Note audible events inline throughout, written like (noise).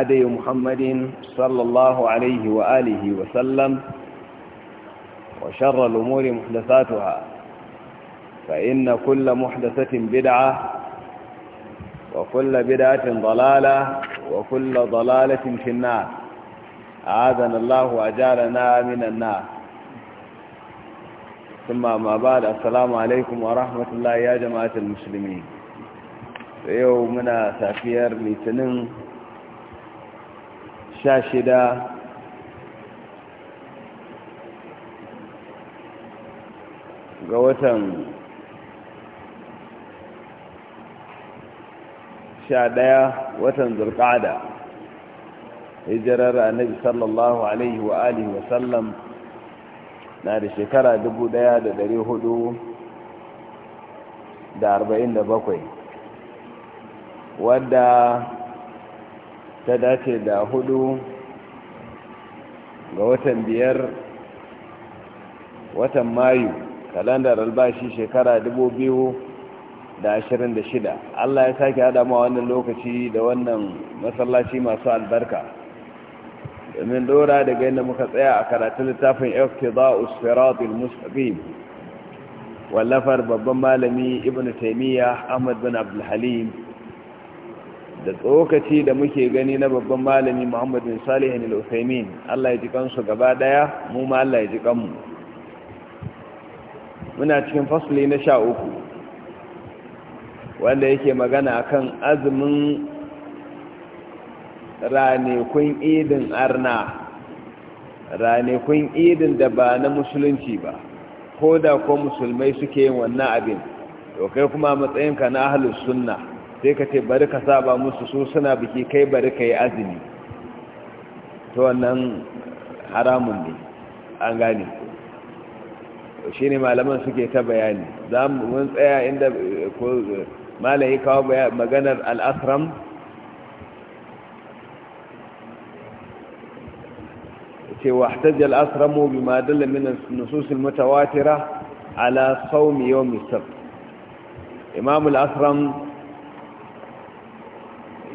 هدي محمد صلى الله عليه وآله وسلم وشر الأمور محدثاتها فإن كل محدثة بدعة وكل بدعة ضلالة وكل ضلالة في النار أعاذنا الله وأجعلنا من النار ثم ما بعد السلام عليكم ورحمة الله يا جماعة المسلمين يومنا سافير لتنم sha shida ga watan sha ɗaya watan zurƙada hijirar annabi sallallahu alaihi wa alihi wa sallam na da shekara dubu ɗaya da ɗari hudu da arba'in da bakwai wadda ta dace da hudu ga watan biyar watan mayu kalandar albashi shekara shida. allah ya sake hada ma wannan lokaci da wannan masallaci masu albarka domin dora daga yadda muka tsaya a karatun littafin iftida'us siratul mustaqim wallafar babban malami ibnu taymiya ahmad bin Abdulhalim. halim da tsokaci da muke gani na babban malami Muhammad bin Salih al-Uthaymeen Allah ya ji kansu gaba daya mu ma Allah ya ji kanmu muna cikin fasli na sha uku wanda yake magana akan azumin ranekun idin arna ranekun idin da ba na musulunci ba ko da ko musulmai suke yin wannan abin to kai kuma matsayinka na ahlus sunna sai ka ce bari ka saba musu su suna biki kai bari ka yi azumi ta wannan haramun ne an gane shi ne malaman suke ta bayani za mu tsaya inda malayi kawo maganar al'asram ce wahtaj al'asramu bi ma dalla min nususil mutawatira ala saumi yau misal imamul imam asram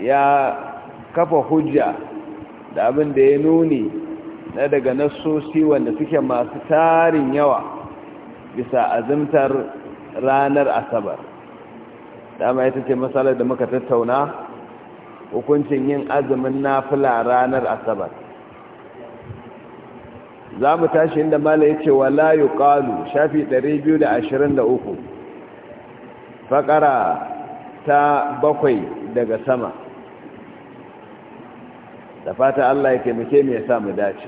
ya kafa hujja da abin da ya nuni na daga nasosi wanda suke masu tarin yawa bisa azimtar ranar asabar dama ita ce matsalar da muka tattauna hukuncin yin azumin nafila ranar asabar za mu tashi inda mala ya ce wala yi kalu shafi 223 faƙara ta bakwai daga sama da fata Allah ya taimake mu ya sa mu dace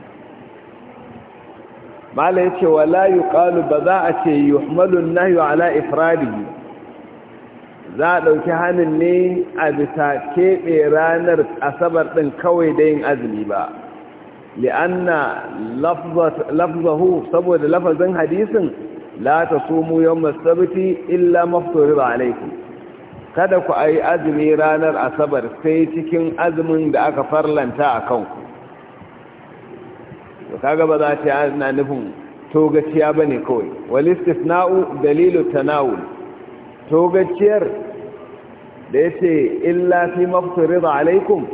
Malam yace wala yuqalu ba za a ce yuhmalu an-nahyu ala ifradihi za a dauki hanin ne a bisa kebe ranar asabar din kawai da yin azumi ba li'anna lafzahu saboda lafazin hadisin la tasumu yawm as-sabti illa maftur alaykum kada ku ayi azumi ranar asabar sai cikin azumin da aka farlanta a kanku to kaga ba za ta yi ana nufin togaciya ba ne kawai na'u dalilu tanawul togaciyar da ya ce illa fi mafsuri alaikum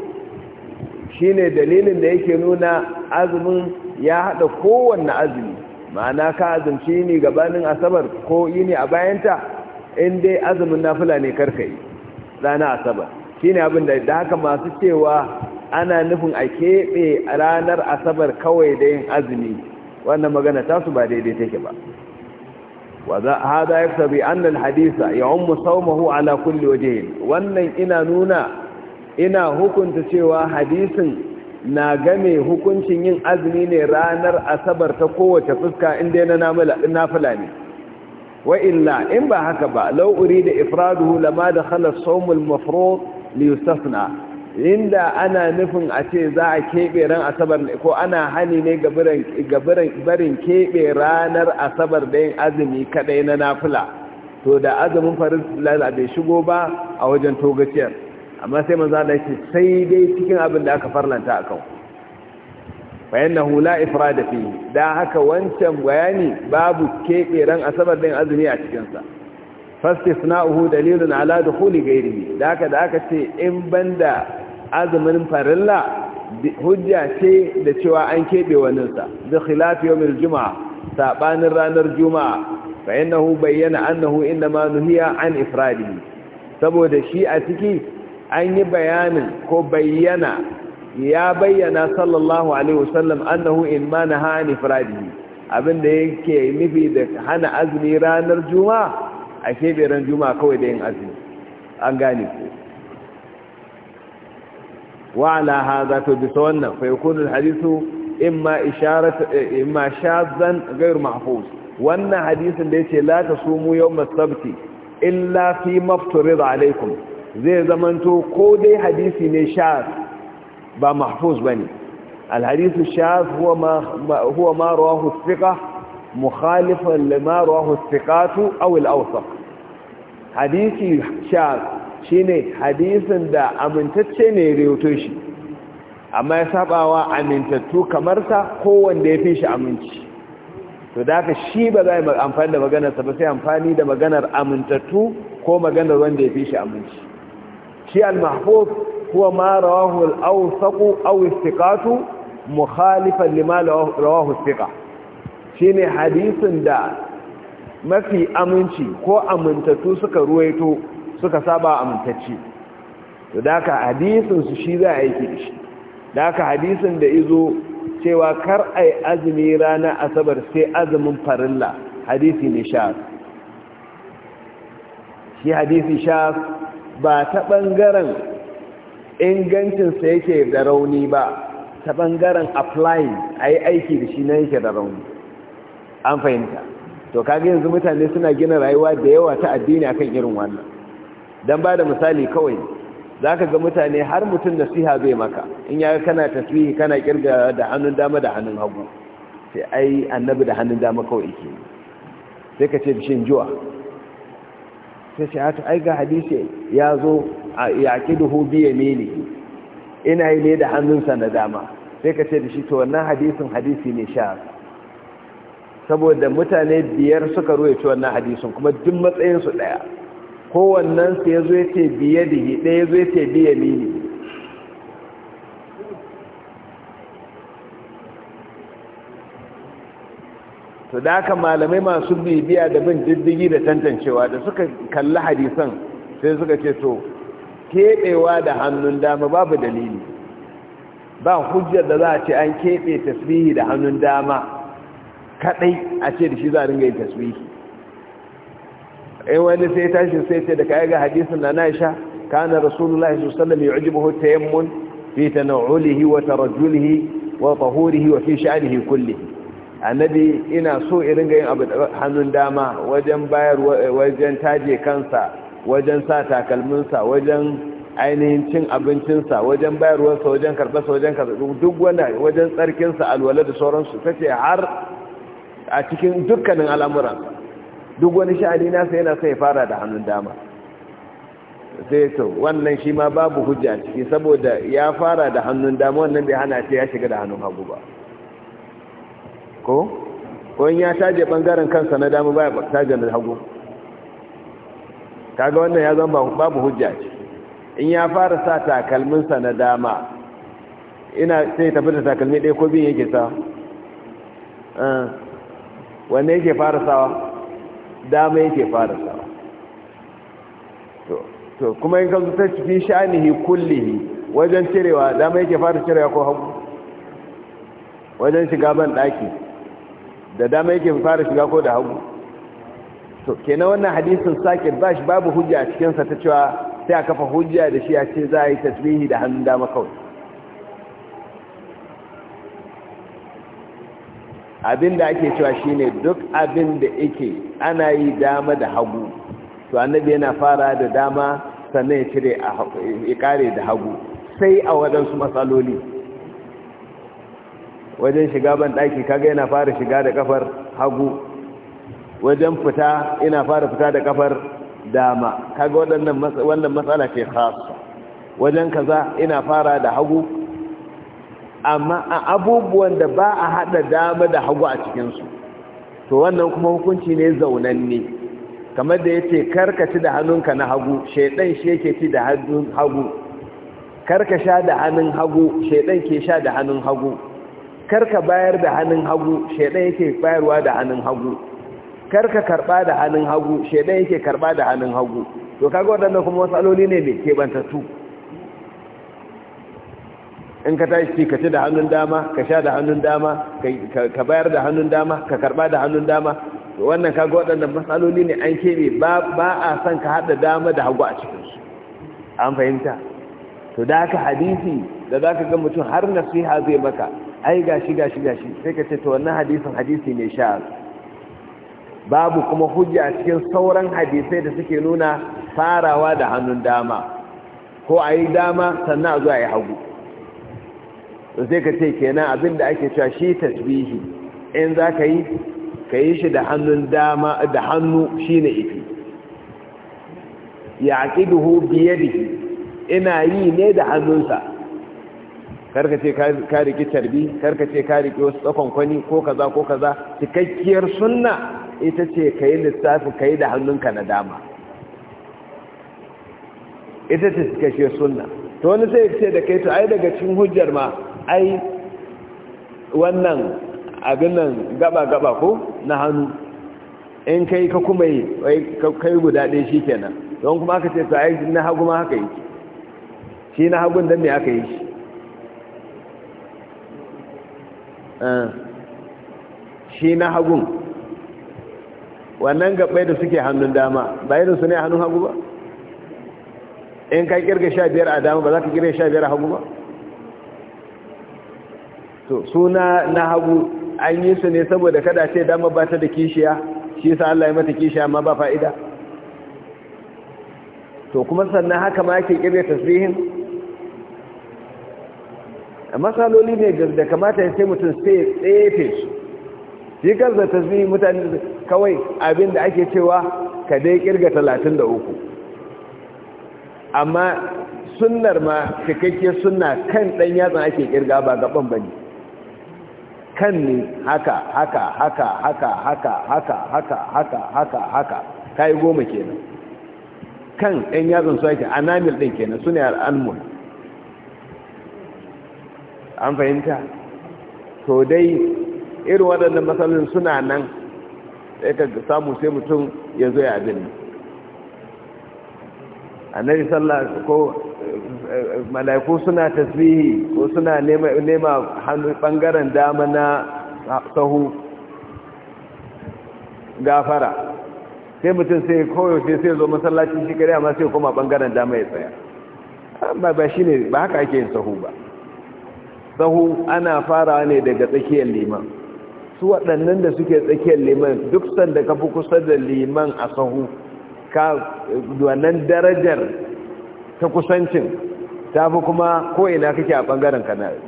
shi ne dalilin da yake nuna azumin ya haɗa kowanne azumi ma'ana ka azumci ne gabanin asabar ko yi ne a bayanta in dai azumin nafila ne karkai, yi rana asabar ne abin da da haka masu cewa ana nufin a keɓe ranar asabar kawai da yin azumi wannan magana tasu ba daidai take ba هذا يكتبي أن الحديث يعم ala kulle waje وجه wannan ina nuna ina hukunta cewa hadisin na game hukuncin yin azumi ne ranar asabar ta kowace fuska inda na nafila ne وإلا ba بهكبا لو أريد إفراده لما دخل الصوم المفروض ليستثنى inda ana nufin a ce za a keɓe ran asabar ko ana hani ne ga barin keɓe ranar asabar da yin azumi kaɗai na nafila to da azumin farin bai shigo ba a wajen togaciyar amma sai manzana ce sai dai cikin abin da aka farlanta a kan wayanna hula ifrada fi da haka wancan bayani babu ran asabar din azumi a cikinsa fastisna'uhu dalilun ala dukuli gairi da haka da aka ce in banda azumin farilla hujja ce da cewa an keɓe waninsa da khilafi yawmin juma'a sabanin ranar juma'a bayanna hu bayyana annahu inna ma nuhiya an ifradi saboda shi a ciki an yi bayanin ko bayyana ya bayyana sallallahu alaihi wasallam annahu in ma naha an abinda yake nufi da hana azumi ranar juma'a a keberan juma'a kawai da yin azumi an gane ku وعلى هذا تبصونا فيكون الحديث إما إشارة إما شاذا غير محفوظ وأن حديث ليس لا تصوموا يوم السبت إلا فيما zai عليكم ko dai hadisi ne نشاذ ba mahfuz bane ne. shaz huwa ma huwa ma rawahu thiqa mukhalifan lima rawahu thiqatu aw al-awsaq hadisi shaz shine hadisin da amintacce ne rawaito shi amma ya sabawa amintattu kamar sa ko wanda ya fi shi aminci to da haka shi ba zai amfani da maganarsa ba sai amfani da maganar amintattu ko maganar wanda ya fi shi aminci shi al-mahfuz huwa ma rawahu al-awsaq aw istiqatu mukhalifan lima rawahu istiqa shine hadisin da mafi aminci ko amintatu suka ruwaito suka saba amintacci to daka hadisin shi za a yi shi daka hadisin da izo cewa kar ai azumi ranar asabar sai azumin farilla hadisi ni sha shi hadisi sha ba ta ɓangaren ingancinsa yake da rauni ba ta ɓangaren applying a yi aiki da shi na yake da rauni an fahimta to kaga yanzu mutane suna gina rayuwa da yawa ta addini akan irin wannan don ba da misali kawai za ka ga mutane har mutum nasiha zai maka in ya kana taswihi kana kirga da hannun dama da hannun hagu sai ai annabi da hannun dama kawai ke sai ka ce bishin juwa sai shi hata ai hadisi ya zo a ya kiduhu biya mini ina yi ne da hannunsa na dama sai ka ce da shi to wannan hadisin hadisi ne sha saboda mutane biyar suka ruwaito wannan hadisin kuma duk matsayinsu ɗaya daya ya su ya ce biye da ɗaya ya zo ya ce biya mini. to da haka malamai masu bibiya da bin diddigi da tantancewa da suka kalli hadisan sai suka ce to keɓewa da hannun dama babu dalili ba hujjar da za a ce an keɓe tasbihi da hannun dama kaɗai a ce da shi za a ringa yin tasbihi in eh, wani sai tashi sai ce da kayi ga hadisin na naisha kana rasulullahi sallallahu alaihi wasallam yu'jibuhu tayammun fi tanawulihi wa tarajjulihi wa tahurihi wa fi sha'nihi kullihi annabi ina so irin ga yin abu hannun dama wajen bayar eh, wajen taje kansa wajen sa takalminsa wajen ainihin cin abincinsa wajen bayarwarsa wajen karɓarsa wajen karɓarsa duk wanda wajen tsarkinsa alwala da sauransu ta ce har a cikin dukkanin al'amuran duk wani sha'ani nasa yana sai fara da hannun dama sai to wannan shi ma babu hujja ciki saboda ya fara da hannun dama wannan bai hana ce ya shiga da hannun hagu ba ko wani ya taje bangaren kansa na dama baya taje na hagu kaga wannan ya zama babu hujja ce in ya fara sa takalminsa na dama ina sai tafi da takalmi ɗaya ko biyun yake sa ah, wanne yake fara sawa dama yake fara sawa to kuma in kanzu ta fi sha'anihi kullihi wajen cirewa dama yake fara cirewa ko hagu wajen shiga ban ɗaki da dama yake fara shiga ko da hagu to kenan wannan hadisin sake bashi babu hujja a sa ta cewa sai a kafa hujja da shi a ce za a yi tasbihi da hannun dama kawai abin da ake cewa shine duk abin da yake ana yi dama da hagu to annabi yana fara da dama sannan ya cire ya kare da hagu sai a wadansu matsaloli wajen shiga ban ɗaki kaga yana fara shiga da kafar hagu wajen fita yana fara fita da kafar dama kaga waɗannan wannan matsala ce khassa wajen kaza ina fara da hagu amma a abubuwan da ba a haɗa dama da hagu a cikinsu to wannan kuma hukunci ne zaunanne kamar da ya ce karkaci da hannunka na hagu shaidan shi yake ci da hannun hagu karkasha da hannun hagu shaidan ke sha da hannun hagu karka bayar da hannun hagu shaidan yake bayarwa da hannun hagu karka karba da hannun hagu shaidan yake karba da hannun hagu to kaga wadannan kuma wasaloli ne mai kebantattu in ka tashi ka ci da hannun dama ka sha da hannun dama ka bayar da hannun dama ka karba da hannun dama to wannan kaga wadannan matsaloli ne an keɓe ba a son ka hada dama da hagu a cikinsu an fahimta to da haka hadisi da za ka ga mutum har nasiha zai maka ai gashi gashi gashi sai ka ce to wannan hadisin hadisi ne sha'ar babu kuma hujja a cikin sauran hadisai da suke nuna farawa da hannun dama ko a yi dama sannan a zo hagu sai ka ce kenan abin da ake cewa shi tasbihi in za ka yi ka yi shi da hannun dama da hannu shi ne ifi ya biyadihi ina yi ne da hannunsa karka ce ka riki tarbi karka ce ka riki wasu tsakon kwani ko kaza ko kaza cikakkiyar sunna ita ce ka yi lissafi ka yi da hannunka na dama ita ce cikakkiyar sunna to wani sai ce da kai to ai daga cikin hujjar ma ai wannan abin nan gaba-gaba ko na hannu in kai ka kuma yi kai guda ɗaya shi kenan don kuma aka ce to ai na hagu ma haka yi shi na hagun don me aka yi shi Eh. shi na hagun wannan gabai da suke hannun dama ba irin su ne hannun hagu ba in ka kirga sha biyar a dama ba za ka kirga sha biyar a hagu ba to suna na hagu an yi su ne saboda kada ce dama ba ta da kishiya shi sa Allah ya mata kishiya amma ba fa'ida to kuma sannan haka ma yake kirga tasbihin matsaloli ne da kamata ya sai mutum sai tsefe su shi ta zai mutane kawai abin da ake cewa ka dai kirga uku. amma sunnar ma cikakke sunna kan dan yatsan ake kirga ba gaban bane kan ne haka haka haka haka haka haka haka haka haka haka kai goma kenan kan ɗan yatsan su ake anamil ɗin kenan su ne al'almun an fahimta to dai irin waɗannan matsalin suna nan sai ka samu sai mutum ya zo ya abin annabi sallah ko mala'iku suna tasbihi ko suna nema hannu bangaren dama na sahu gafara sai mutum sai koyaushe sai zo masallacin shi kare amma sai koma bangaren dama ya tsaya ba shi ne ba haka ake yin sahu ba sahu ana farawa ne daga tsakiyar liman su waɗannan da suke tsakiyar liman duk sanda ka fi kusa da liman a sahu ka wannan darajar ta kusancin ta fi kuma ko'ina kake a ɓangaren kanari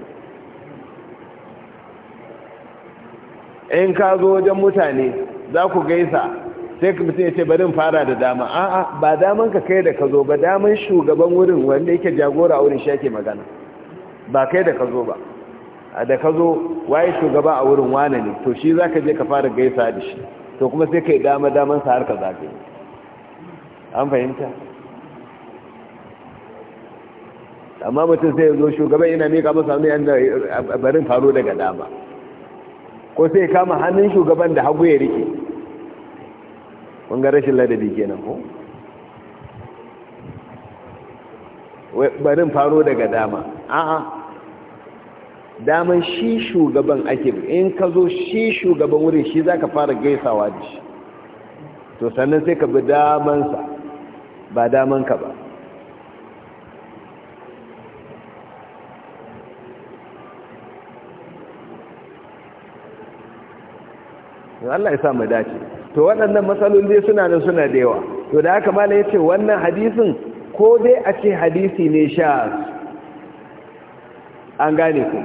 in ka zo wajen mutane za ku gaisa sai ka mutum ya ce barin fara da dama a'a ba daman ka kai da ka zo ba daman shugaban wurin wanda yake jagora wurin shi magana ba kai da ka zo ba da ka zo waye shugaba a wurin wane ne to shi za ka je ka fara gaisa da shi to kuma sai ka yi dama daman sa har ka zaɓe an fahimta amma mutum sai ya zo shugaban yana miƙa masa hannu yadda barin faro daga dama ko sai kama hannun shugaban da hagu ya rike ƙungar rashin ladabi kenan ko barin faro daga dama a'a daman shi shugaban ake in ka zo shi shugaban wurin shi za ka fara gaisawa da shi to sannan sai ka bi damansa ba daman ka ba Allah ya sa mu dace to waɗannan matsalolin dai suna da suna da yawa to da haka ya ce wannan hadisin ko dai a ce hadisi ne sha an gane ku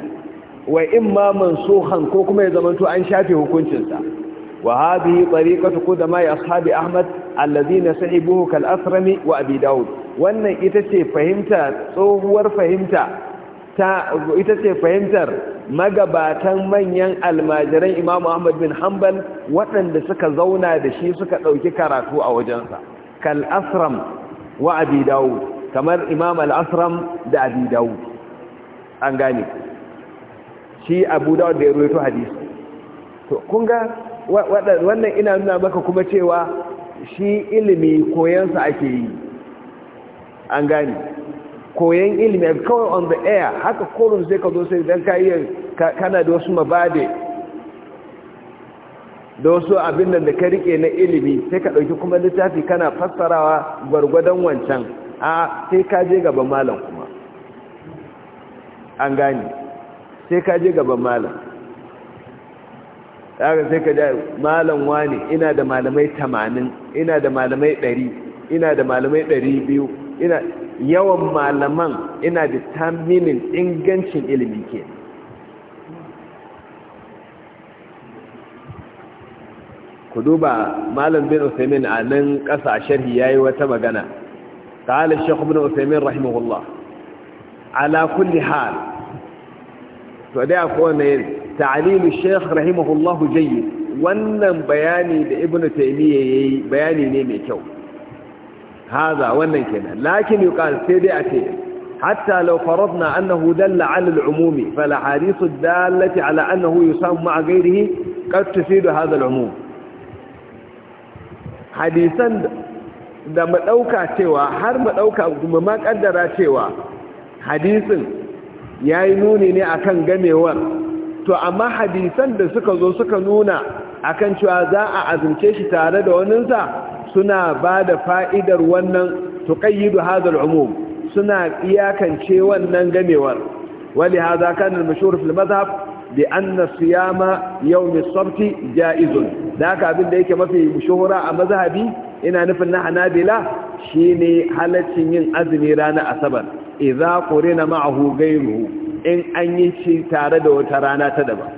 wa imma mansuhan ko kuma ya zamanto an shafe hukuncinsa wa hadhihi tariqatu qudama ashabi ahmad alladhina sahibuhu kal asrami wa abi daud wannan ita ce fahimta tsohuwar fahimta ta ita ce fahimtar magabatan manyan almajiran imamu ahmad bin hanbal waɗanda suka zauna da shi suka ɗauki karatu a wajensa kal asram wa abi daud kamar imam al asram da abi daud an gane shi abu dawud da ya ruwaito hadisi to kun ga wannan ina nuna maka kuma cewa shi ilimi koyansa ake yi an gani koyan ilimi kawai on the air haka korun zai ka zo sai don kayan kana da wasu mabade da wasu abin da ka rike na ilimi sai ka ɗauki kuma littafi kana fassarawa gwargwadon wancan a sai ka je gaban malam kuma an gani sai ka je gaban malam daga sai ka je malam wani ina da malamai 80 ina da malamai 100 ina da malamai 200 ina yawan malaman ina da taminin ingancin ilimi ke ku duba malam bin usaimin a nan ƙasa a sharhi ya yi wata magana ta halin shekhu bin usaimin rahimahullah ala kulli hal to da ko ne ta'alimu rahimahullahu jayyid wannan bayani da ibnu taymiya yayi bayani ne mai kyau haza wannan kenan lakin yuqal sai dai ake hatta law faradna annahu dalla 'ala al-umumi fala dallati 'ala annahu ma'a ghayrihi qad hadha hadisan da mu dauka cewa har mu dauka mu ma kaddara cewa hadisin ya yi nuni ne a kan gamewar to amma hadisan da suka zo suka nuna a kan cewa za a azumce shi tare da waninsa suna ba da fa'idar wannan tuƙayyidu hazar umum suna iyakance wannan gamewar wani haza kanin mashuru fil mazhab an na siyama mai sabti jaizun da aka abin da yake mafi shuhura a mazhabi ina nufin na hanabila ne halaccin yin azumi rana asabar idza qurina ma'ahu ghayruhu in an yi shi tare da wata rana ta daban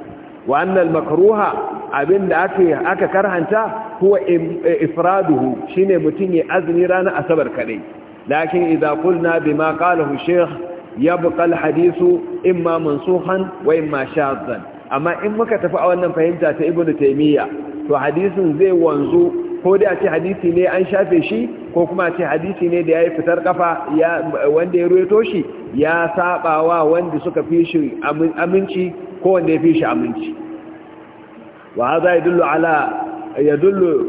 wa annal makruha abinda aka aka karhanta huwa eh, ifraduhu shine mutum ya azumi rana asabar kadai lakin idza qulna bima ya shaykh yabqa al hadithu imma mansuhan wa imma shadhan amma in muka tafi a wannan fahimta ta ibnu Taimiyya, to hadisin zai wanzu ko da ce hadisi ne an shafe shi ko kuma ce hadisi ne da ya yi fitar kafa wanda ya rueto shi ya saba wa wanda suka fi shi aminci ko wanda ya fi shi aminci wa haza yadullu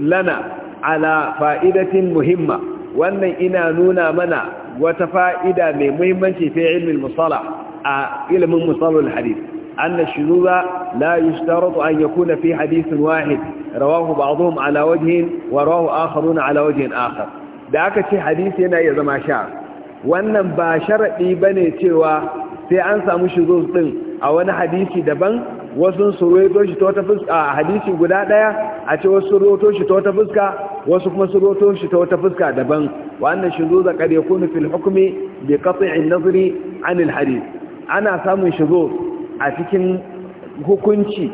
lana ala fa'idatin muhimma wannan ina nuna mana wata fa'ida mai muhimmanci fi ilmin musala a ilimin musalul hadisi. أن الشذوذ لا يشترط أن يكون في حديث واحد رواه بعضهم على وجه ورواه آخرون على وجه آخر da aka ce hadisi yana iya zama sha wannan ba sharaɗi ba ne cewa sai an samu shuzuz ɗin a wani hadisi daban wasu sun roto shi ta wata fuska a hadisi guda ɗaya a ce wasu roto shi ta wata fuska wasu kuma sun roto shi ta wata fuska daban wannan shuzuz da kare kunu fil hukumi bi qat'i an-nazri an al-hadith ana samun shuzuz a cikin hukunci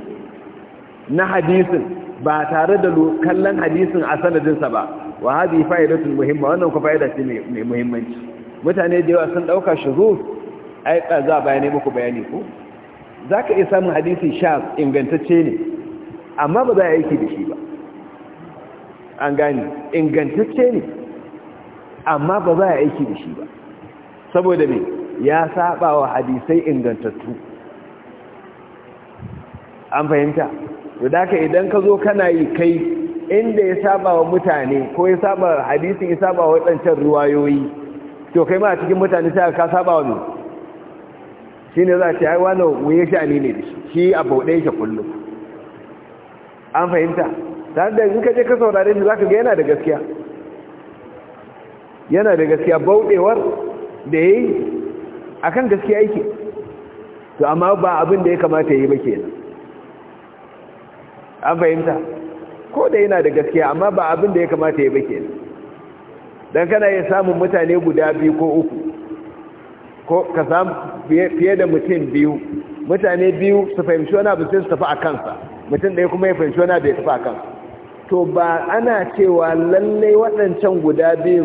na hadisin ba tare da kallon hadisin a sanadinsa ba wa haɗi fa’idatun muhimma wannan ku fa'ida ce mai muhimmanci mutane da yawa sun ɗauka dauka aika za a bayanai muku bayani ko ka iya samun hadisi sha ingantacce ne amma ba za a aiki da shi ba an gani ingantacce ne amma ba za a aiki da shi ba saboda me ya saba wa hadisai ingantattu an fahimta da haka idan ka zo kana yi kai inda ya saba wa mutane ko ya saba hadisin ya saba wa waɗancan ruwayoyi to kai ma a cikin mutane sai ka saba wa mai shi ne za a ce ai wani wuye shani ne da shi a bauɗe shi kullum an fahimta ta da in ka je ka saurare shi za ka ga yana da gaskiya yana da gaskiya bauɗewar da ya yi a kan gaskiya yake to amma ba abin da ya kamata ya yi ba kenan an fahimta ko da yana da gaskiya amma ba abin da ya kamata ya bake don kana iya samun mutane guda biyu ko uku ko ka samu fiye da mutum biyu mutane biyu su fahimci wani abu sai su tafi a kansa mutum ɗaya kuma ya fahimci wani abu ya tafi a kansa to ba ana cewa lallai waɗancan guda biyu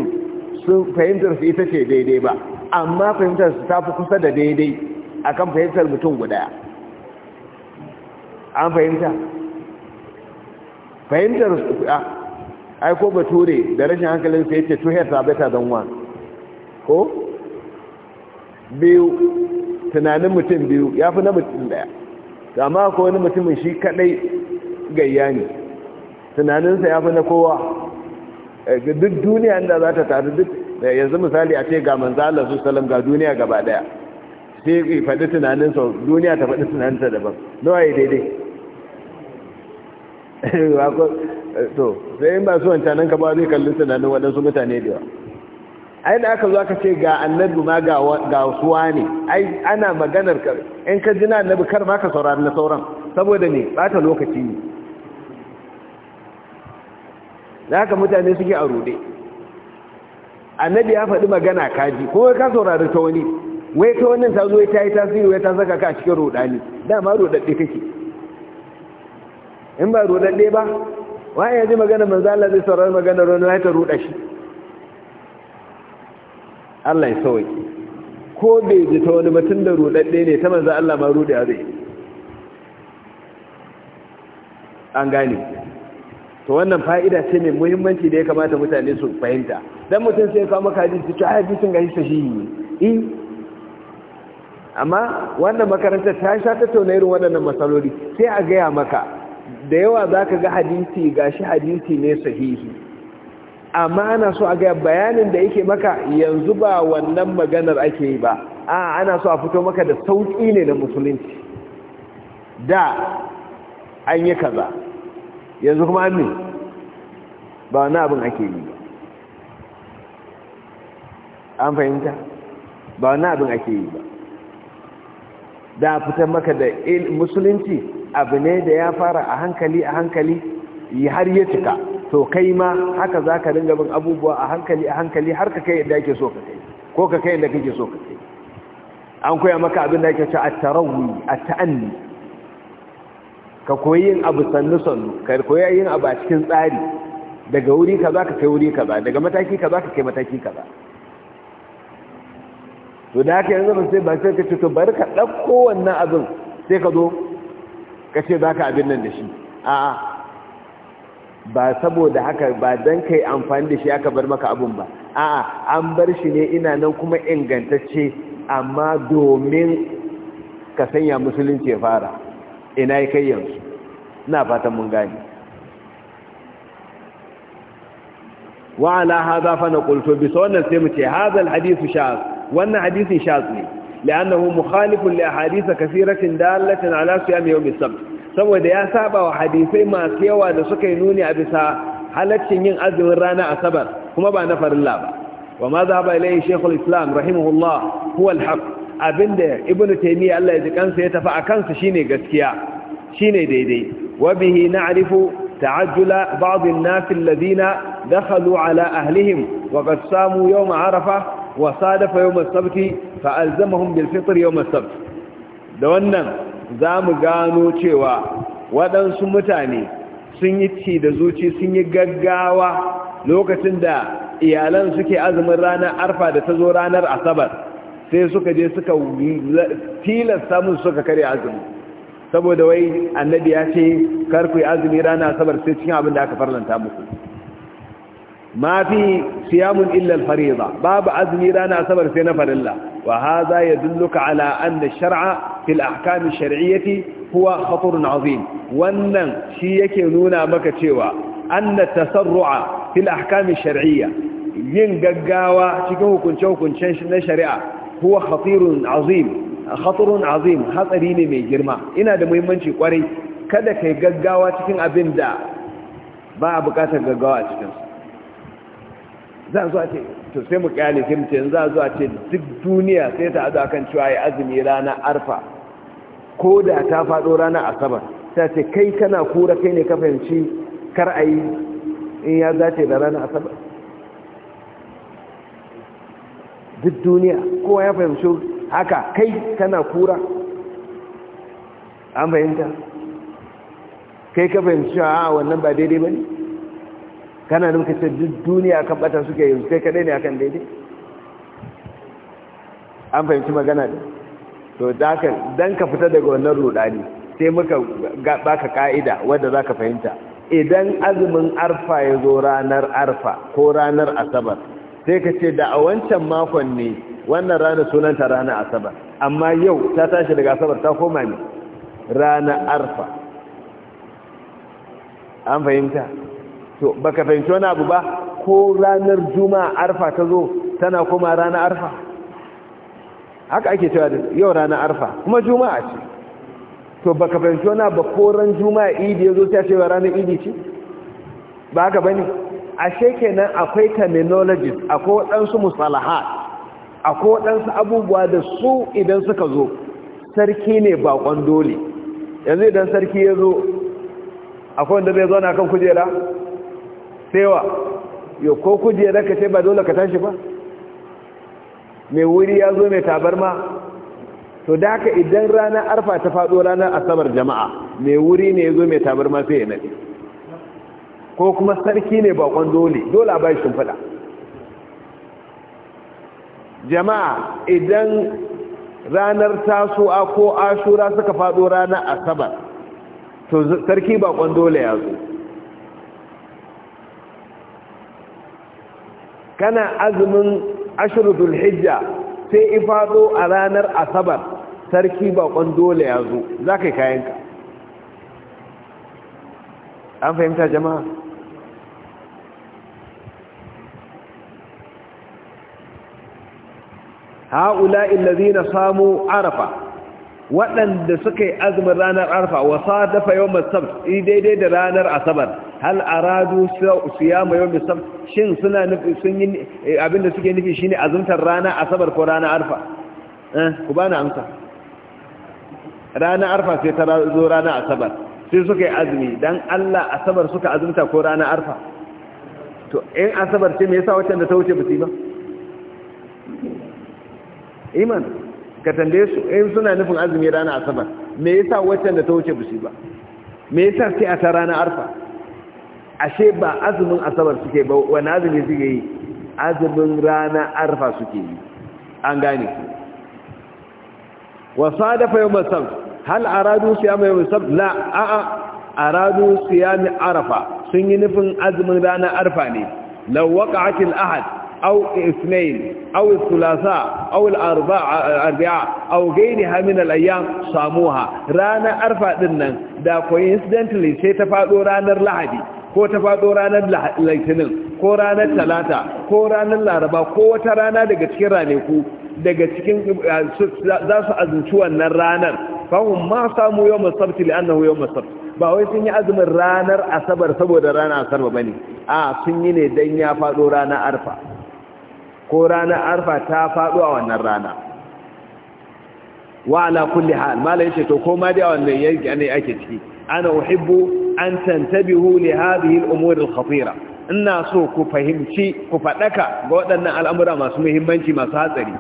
sun fahimtar su ita ce daidai ba amma fahimtar su ta fi kusa da daidai akan fahimtar mutum guda an fahimta fahimtar ai ko bature da rashin hankalin sai ce two heads are better ko biyu tunanin mutum biyu ya fi na mutum daya amma ko wani mutumin shi kadai gayya ne tunaninsa ya fi na kowa eh, duk duniya inda za ta taru duk eh, yanzu misali a ce ga manzala su salam ga duniya gaba daya sai faɗi tunaninsa duniya ta faɗi tunaninsa daban nawa ya daidai (laughs) to sai in ba su wancan nan kama zai kalli tunanin waɗansu mutane da yawa ai da aka zo aka ce ga annabi ma ga suwa ne ai ana maganar ka in ka ji na annabi kar ma ka saurari na sauran saboda ne bata lokaci ne da haka mutane suke a rude annabi ya faɗi magana kaji ko ka saurari ta wani wai ta wannan ta zo ta yi tasiri wai ta saka ka cikin rudani dama rudadde kake in ba rudalle ba waye ya ji magana manzo Allah zai saurari magana wani ya ta ruda shi Allah ya sauki ko bai ji ta wani mutum da rudalle ne ta manzo Allah ma rude zai an gane to wannan fa'ida ce mai muhimmanci da ya kamata mutane su fahimta dan mutum sai ya kawo maka hadisi to hadisin ga shi ne. Eh. amma wannan makarantar ta sha ta tauna irin waɗannan matsaloli sai a gaya maka da yawa za ka ga hadisi gashi hadisi ne sahihi amma ana so a ga bayanin da yake maka yanzu ba wannan maganar ake yi ba a ana so a fito maka da sauƙi ne na musulunci da an yi kaza yanzu kuma ne ba wani abin ake yi ba an fahimta ba wani abin ake yi ba da fitar maka da musulunci abu ne da ya fara a hankali a hankali har ya cika to kai ma haka za ka dinga bin abubuwa a hankali a hankali har ka kai inda ake so ka kai ko ka kai inda kake so ka kai an koya maka abin da ake ce a tarawi a ta'anni ka koyi yin abu sannu sannu ka koyi yin abu a cikin tsari daga wuri kaza ka kai wuri kaza daga mataki kaza ka kai mataki kaza to da haka yanzu ba sai ba sai ka ce to bari ka ɗauko wannan abin sai ka zo kace ce za ka abin nan da shi a'a ba saboda haka ba don kai amfani da shi aka bar maka abin ba a'a an bar shi ne ina nan kuma ingantacce amma domin ka sanya musulunci ya fara ina yi kai yanzu na fatan mun gani wa ala hadha fa naqultu bi wannan sai mu ce hadha al hadithu wannan hadisin shaz ne لأنه مخالف لأحاديث كثيرة دالة على صيام يوم السبت saboda ya saba wa hadisai masu yawa da suka yi nuni a bisa halaccin yin azumin rana asabar kuma ba na farin laba wa ma ba ilayhi shaykhul islam rahimahullah huwa alhaq abinda ibn taymiya Allah ya ji kansa ya tafi akansa sa shine gaskiya shine daidai wa bihi na'rifu ta'ajjula ba'd an-nas alladhina dakhalu ala ahlihim wa qad samu yawm arafa wa sadafa yawm as fa’alzamahun bilfitar yau masar da wannan za mu gano cewa waɗansu mutane sun yi ci da zuci sun yi gaggawa lokacin da iyalan suke azumin ranar arfa da ta zo ranar asabar sai suka je suka tilasta musu suka kare azumi saboda wai annabi ya ce karku yi azumi ranar asabar sai cikin abin da aka farlanta musulun ma fi siyamun illal fariza babu azumi rana asabar sai na farilla wa hadha yadulluka ala anna shara fil ahkam ash-shar'iyyati huwa khatarun azim wannan shi yake nuna maka cewa anna tasarru'a fil ahkam ash-shar'iyya yin gaggawa cikin hukunce hukuncen na shari'a huwa khatarun azim khatarun azim hatsari ne mai girma ina da muhimmanci kwarai kada kai gaggawa cikin abin da ba a bukatar gaggawa a cikinsa za zuwa ce to sai mu kyale kimce za zuwa ce duk duniya sai ta azu akan cewa ya azumi rana arfa ko da ta faɗo rana asabar ta ce kai kana kura kai ne ka fahimci kar a yi in ya zace da rana asabar duk duniya kowa ya fahimci haka kai kana kura an fahimta kai ka fahimci a ah, wannan ba daidai ba ne kana da muka ce duk duniya kan bata suke yin sai kadai ne akan daidai an fahimci magana da to dan ka fita daga wannan rudani sai muka baka ka'ida wanda zaka fahimta idan azumin arfa ya zo ranar arfa ko ranar asabar sai ka ce da a wancan makon ne wannan ranar sunanta ranar asabar amma yau ta tashi daga asabar ta koma ne ranar arfa an fahimta to baka fahimci wani abu ba ko ranar juma'a arfa ta zo tana kuma ranar arfa haka ake cewa yau ranar arfa kuma juma'a ce to baka fahimci wani abu ko ran juma'a idi ya zo ta cewa ranar idi ce ba haka bane ashe kenan akwai terminologies akwai waɗansu musalaha akwai waɗansu abubuwa da su idan suka zo sarki ne bakon dole yanzu idan sarki ya zo akwai wanda zai na kan kujera sewa yau ko da ka ce ba dole ka tashi ba mai wuri ya zo mai tabarma to da ka idan ranar arfa ta faɗo ranar asabar jama'a mai wuri ne ya zo mai tabarma sai ya nadi ko kuma sarki ne bakon dole dole a bai fada jama'a idan ranar tasuwa ko ashura suka faɗo ranar asabar to sarki bakon dole ya zo kana azumin ashiru hijja sai ifado a ranar asabar sarki bakon dole ya zo za ka yi kayanka an fahimta jama'a ha'ula illazina samu arafa waɗanda suka yi azumin ranar arafa wasa dafa yau idai daidai da ranar asabar hal aradu siyama yawm sabt shin suna nufi sun yi eh, abinda suke nufi shine azumtar rana asabar ko rana arfa eh ku bani amsa rana arfa sai ta zo rana asabar sai suka yi azumi dan Allah asabar suka azumta ko rana arfa to in asabar ce me yasa wacce da ta wuce bisi ba iman ka tambaye su in eh, suna nufin azumi rana asabar me yasa wacce da ta wuce bisi ba me yasa sai a ta rana arfa ashe ba azumin asabar suke ba wani azumi suke yi azumin rana arfa suke yi an gane ku wasa dafa yau musam hal aradu siyama yau musam la a'a aradu siyami arfa sun yi nufin azumin rana arfa ne Lauwaka, akil ahad au isnain au thulatha au al-arba'a au Gaini, min al-ayyam samuha rana arfa din nan da coincidentally sai ta faɗo ranar lahadi ko ta faɗo ranar laitinin, ko ranar talata ko ranar laraba ko wata rana daga cikin raneku daga cikin eh, za su azinci wannan ranar fahim ma samu yau masarci li'annahu yau masarci ba wai sun yi azumin ranar asabar saboda rana asabar ba ne a sun yi ne don ya faɗo ranar arfa ko ranar arfa ta faɗo a wannan rana wa ala kulli hal mala ce to ko ma dai a wannan yanki ake ciki ana uhibbu an tantabihu li hadhihi al-umur al ina so ku fahimci ku fadaka ga waɗannan al'amura masu muhimmanci masu hatsari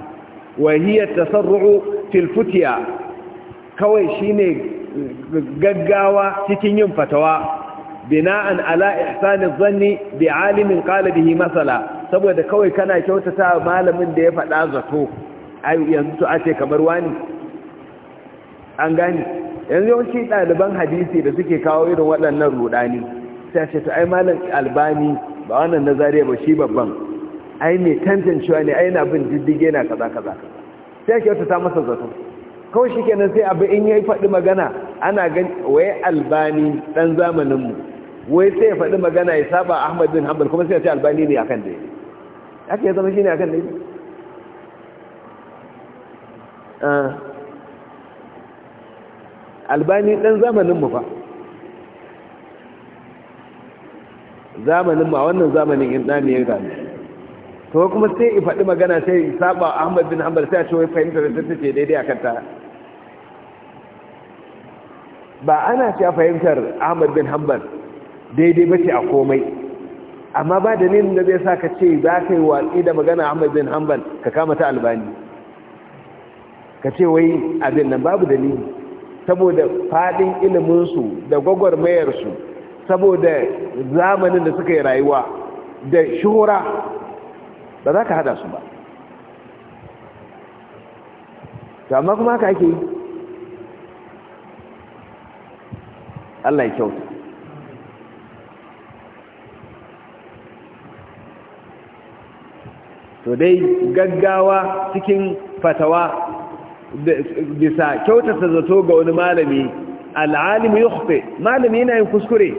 wa hiya tasarru'u fil kawai shine gaggawa cikin yin fatawa bina'an ala ihsani zanni bi alimin qala bihi masala saboda kawai kana kyautata malamin da ya faɗa zato yanzu to a kamar wani an gani yanzu shi ɗaliban hadisi da suke kawo irin waɗannan rudani sai ce ta ai malam albani ba wannan nazariya ba shi babban ai mai tantancewa ne ai na bin diddige na kaza kaza sai ke wata ta masa zato kawai shi kenan sai abu in ya faɗi magana ana gan wai albani ɗan zamaninmu wai sai ya faɗi magana ya saba ahmad bin hanbal kuma sai ya ce albani ne akan dai aka ya zama shi ne akan dai? albani dan zamanin mu fa zamanin mu a wannan zamanin in dani ya gani to kuma sai i faɗi magana sai saba Ahmad bin Hanbal sai a ce wai fahimta da take daidai akan ta ba ana cewa fahimtar Ahmad bin Hanbal daidai ba ce a komai amma ba da nin da zai sa ka ce za ka yi watsi da magana Ahmad bin Hanbal ka kama ta albani ka ce wai abin nan babu dalili saboda fadin iliminsu da gwagwarmayarsu saboda zamanin da suka yi rayuwa da shura ba za ka hada su ba amma kuma haka ake yi Allah ya kyauta to dai gaggawa cikin fatawa bisa kyautata zato ga wani malami al'alimu yukhti malami yana yin kuskure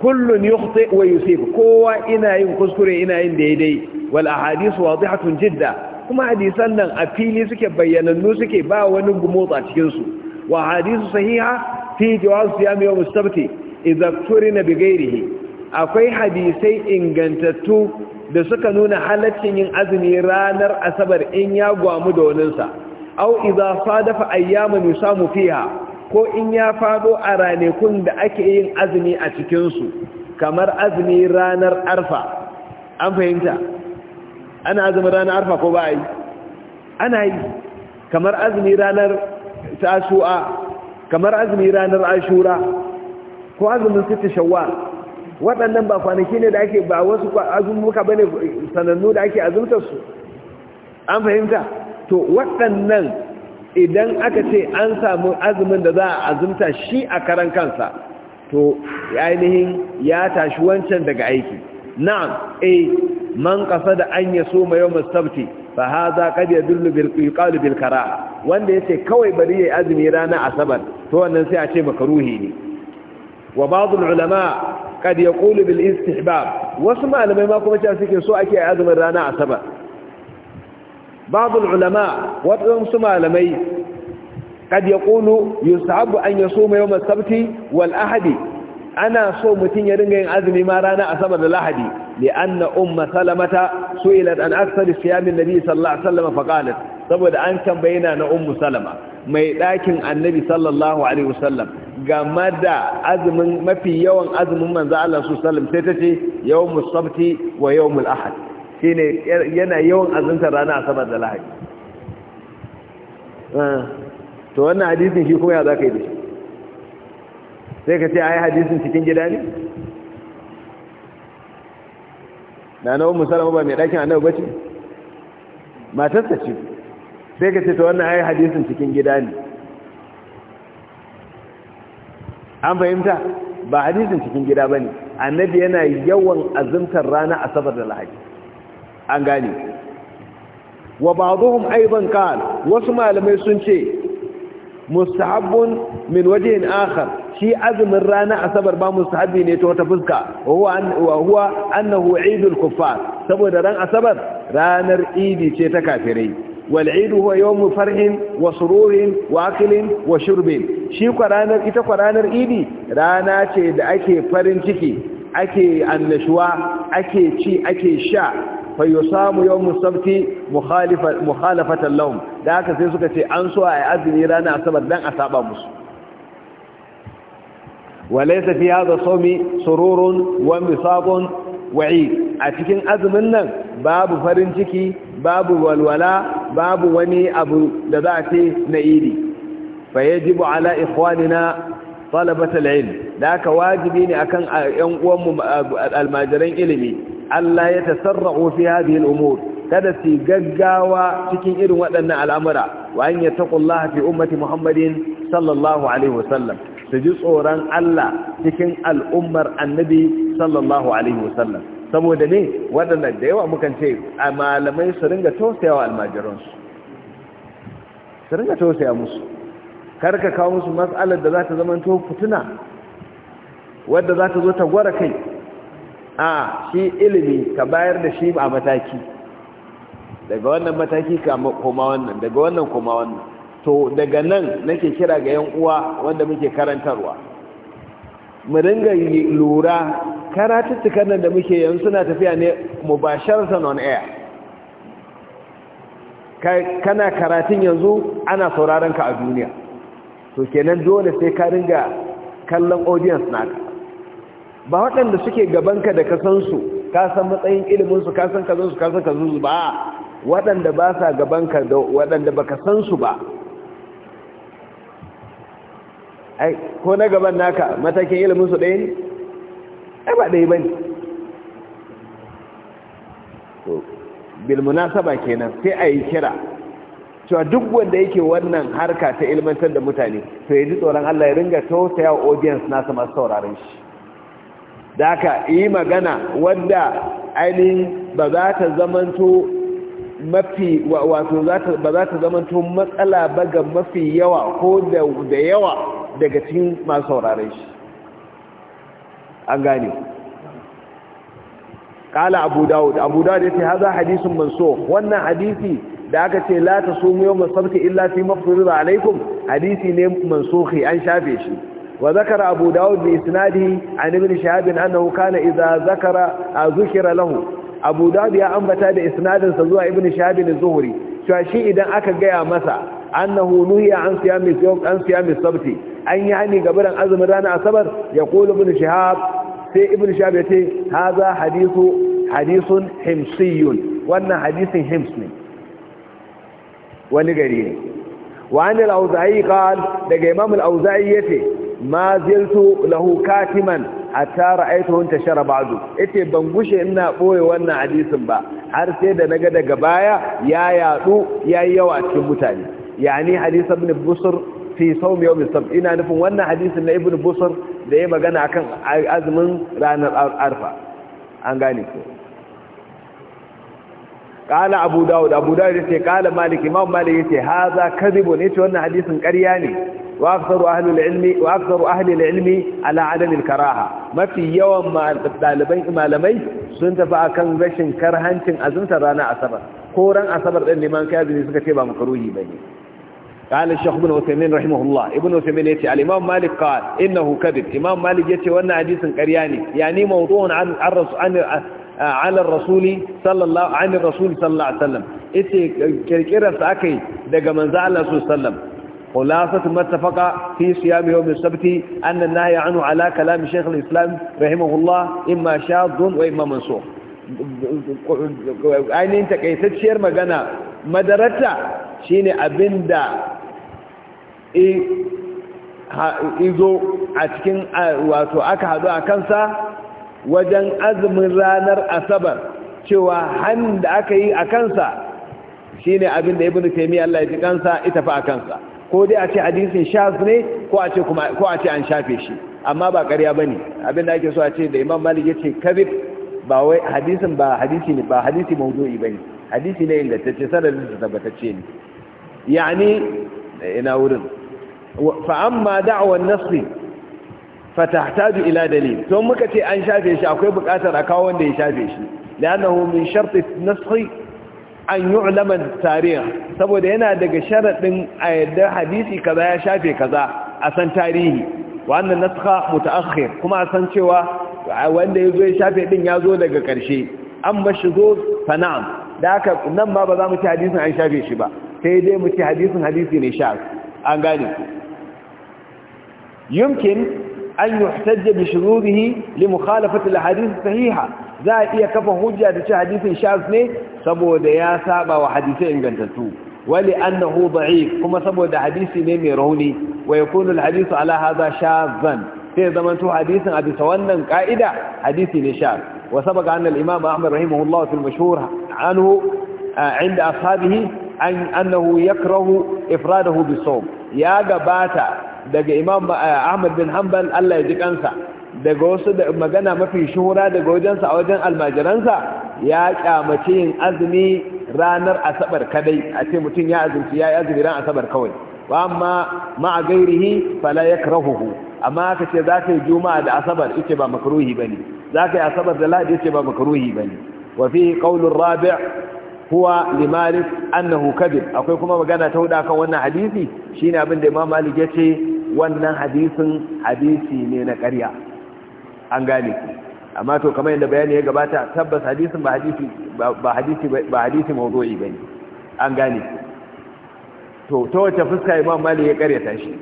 kullun yukhti wa yusib kowa ina yin kuskure ina yin daidai wal ahadith wadihatun jidda kuma hadisan nan a fili suke bayyanannu suke ba wani gumotsa cikin su wa hadisu sahiha fi jawaz siyam yawm as idza turina bi akwai hadisai ingantattu da suka nuna halaccin yin azumi ranar asabar in ya gwamu da waninsa au idza sadafa ayyaman yusamu fiha ko in ya fado a ranakun da ake yin azumi a cikin su kamar azumi ranar arfa an fahimta ana azumi ranar arfa ko ba yi ana yi kamar azumi ranar tasu'a kamar azumi ranar ashura ko azumin sita shawwal waɗannan ba kwanaki ne da ake ba wasu azumuka bane sanannu da ake azumtar su an fahimta to waɗannan idan aka ce an samu azumin da za a azumta shi a karan kansa to ainihin ya tashi wancan daga aiki na'am eh man kasa da an ya so mai yawon sabti fa haza kad yadullu bil yuqalu bil karaha wanda yace kawai bari yayi azumi rana asabar to wannan sai a ce makaruhi ne wa ba'd al ulama kad yaqulu bil istihbab wasu malamai ma kuma cewa suke so ake azumin rana asabar Babu ulama waɗansu malamai kad ya yaqulu yusahabu an yasuma yawm as-sabti wal ahadi ana so mutum ya dinga yin azumi ma rana asabar da lahadi li'anna umma salamata su ila an aksari siyamin nabi sallallahu alaihi wasallam fa qalat saboda an tambaye na ummu salama mai dakin annabi sallallahu alaihi wasallam game da azumin mafi yawan azumin manzo Allah sallallahu alaihi wasallam sai tace yawmus sabti wa yawmul ahad shine yana yawan azuntar rana asabar da lahari ah, to wannan hadisin shi kuma ya za ka yi da shi sai ka ce a yi hadisin cikin gida ne na nawa musamman ba mai ɗakin annabu ba ce ta ce sai ka ce ta wannan a yi hadisin cikin gida ne an fahimta ba hadisin cikin gida ba ne annabi yana yawan azumtar rana asabar da lahari an gane wa ba'dhum aiban qala wasu malamai sun ce mustahabbun min wajhin akhar shi azumin rana asabar ba mustahabbi ne ta wata fuska wahua huwa annahu eidul kuffar saboda ran asabar ranar idi ce ta kafirai والعيد هو يوم فرح wakilin wa وشرب shi kwaranar ita kwaranar idi rana ce da ake farin ciki ake annashuwa ake ci ake sha fa yusamu yawmus sabti mukhalifa mukhalafatan lahum da haka sai suka ce an so yi azumi ranar asabar dan a saba musu walaysa fi hadha sawmi sururun wani misaqun wa'i a cikin azumin nan babu farin ciki babu walwala babu wani abu da za a ce na iri fa yajibu ala ikhwanina talabatul ilm da haka wajibi ne akan ƴan uwan almajiran ilimi Allah ya tasarra'u fi hadhihi al-umur kada su gaggawa cikin irin waɗannan al'amura wa an yattaqullaha fi ummati Muhammadin sallallahu alaihi wasallam su ji tsoron Allah cikin al'ummar annabi sallallahu alaihi wasallam saboda ne waɗannan da yawa mukan ce a malamai su ringa tausayawa almajiransu su ringa tausaya musu karka kawo musu mas'alar da za ta zama to fituna wadda za ta zo ta gwara kai a shi ilimi ka bayar da shi a mataki daga wannan mataki ka koma wannan daga wannan koma wannan to daga nan nake kira ga yan uwa wanda muke karantarwa mu dinga lura karatuttukan nan da muke yanzu suna tafiya ne san on air kana karatun yanzu ana sauraron ka a duniya to kenan dole sai ka ringa kallon audience naka ba waɗanda suke gabanka da kasansu ka san matsayin iliminsu ka san kazansu ka san kazansu ba waɗanda ba sa gabanka da waɗanda ba ka san su ba ai ko na gaban naka matakin iliminsu ɗaya ne ai ba ɗaya ba ne bilmunasaba kenan sai a yi kira cewa duk wanda yake wannan harka ta ilmantar da mutane to ya ji tsoron allah ya ringa tausaya wa audience nasa masu sauraron shi da aka yi magana wadda ainihin ba za ta zamanto mafi wato ba za ta zamanto matsala ba ga mafi yawa ko da yawa daga cikin masu sauraren shi an gane kala abu dawud abu dawud ya ce haza hadisun manso wannan hadisi da aka ce la ta sumu yau masabta illa fi mafi alaikum hadisi ne manso an shafe shi وذكر أبو داود بإسناده عن ابن شهاب أنه كان إذا ذكر ذكر له أبو داود يا أنبتا بإسناد سزوى ابن شهاب الزهري شاشي إذا أكا جاء مسا أنه نهي عن صيام عن صيام السبت أن يعني قبل أن أزم رانا أصبر يقول ابن شهاب سي ابن شهاب يتي هذا حديث حديث حمصي وأن حديث حمصي ونقريني وعن الأوزعي قال لقى إمام الأوزعي يتي ma ziltu lahu katiman hatta ra'aytuhu intashara ba'du yace ban gushe ina boye wannan hadisin ba har sai da naga daga baya ya yadu yayi yawa cikin mutane yani hadisi ibn busr fi sawm yawm as-sabt ina nufin wannan hadisin na ibn busr da ya magana akan azumin ranar arfa an gane ko قال ابو داود ابو داود yace قال مالك امام مالك yace hadha kadhibun yace wannan hadisin ƙarya ne واكثر اهل العلم واكثر اهل العلم على عدم الكراهه ما في يوم ما malamai sun tafi akan rashin karhancin azumtar rana asabar ko ran asabar din liman kabi suka ce ba makruhi bane قال الشيخ ابن عثيمين رحمه الله ابن عثيمين يتي الامام مالك قال انه كذب امام مالك يتي wannan hadisin karya ne yani mawdu'un an an ala rasuli sallallahu an rasuli sallallahu alaihi wasallam daga manzo Allah sallallahu alaihi wasallam خلاصة ما اتفق في صيام يوم السبت أن النهي عنه على كلام شيخ الإسلام رحمه الله إما شاذ وإما منسوخ ainihin takaitacciyar magana madarata shine abinda izo a cikin wato aka hadu a kansa wajen azumin ranar asabar cewa han da aka yi a kansa shine abinda ibnu taymiya Allah ya kansa ita fa a kansa ko dai a ce hadisin shaz ne ko a ce an shafe shi amma ba ƙarya ba ne abinda ake so a ce da Imam Malik yace kadhib ba wai hadisin ba hadisi ne ba hadisi ba ne hadisi ne ingantacce sanadin ta tabbatacce ne yani ina wurin fa amma da'wa an-nasr fatahtaju ila dalil to muka ce an shafe shi akwai bukatar a kawo wanda ya shafe shi lannahu min shartu nasr an yu'lama tarihi saboda yana daga sharaɗin a yadda hadisi kaza ya shafe kaza a san tarihi wannan naskha mutaakhir kuma a san cewa wanda yazo ya shafe din zo daga ƙarshe an bashi zo sana'am da aka nan ma ba za mu ci hadisin an shafe shi ba sai dai mu ci hadisin hadisi ne sha an gane yumkin an yuhtajja bi shururihi li mukhalafati hadisi sahiha za a iya kafa hujja da ce hadisin shaz ne saboda ya saba wa hadisai ingantattu wali annahu da'if kuma saboda hadisi ne mai rauni wa yakunu alhadisu ala hadha shazan sai zaman to hadisin a bisa wannan ka'ida hadisi ne shaz wa sabaqa anna al-imam ahmad rahimahullah fil mashhur anhu eh, an أصحابه أنه يكره إفراده بالصوم يا قباتا دقى ahmad bin بن allah ya يجيك أنسى daga wasu magana mafi shuhura daga wajensa a wajen almajiransa ya kyamace yin azumi ranar asabar kadai a ce mutum ya azumci ya yi azumi ran asabar kawai wa amma ma'a gairihi fala ya karahuhu amma aka ce za ka yi juma'a da asabar ita ba makaruhi ba ne za ka yi asabar da ladi ita ba makaruhi ba ne wa fi qaulur rabi' huwa limalik annahu kadib akwai kuma magana ta huda kan wannan hadisi shine abin da imam malik ya ce wannan hadisin hadisi ne na ƙarya an gane ku amma to kamar yadda bayani ya gabata tabbas hadisin ba hadisi ba hadisi ba hadisi mawdu'i bane an gane ku to ta wace fuska Imam Malik ya ta shi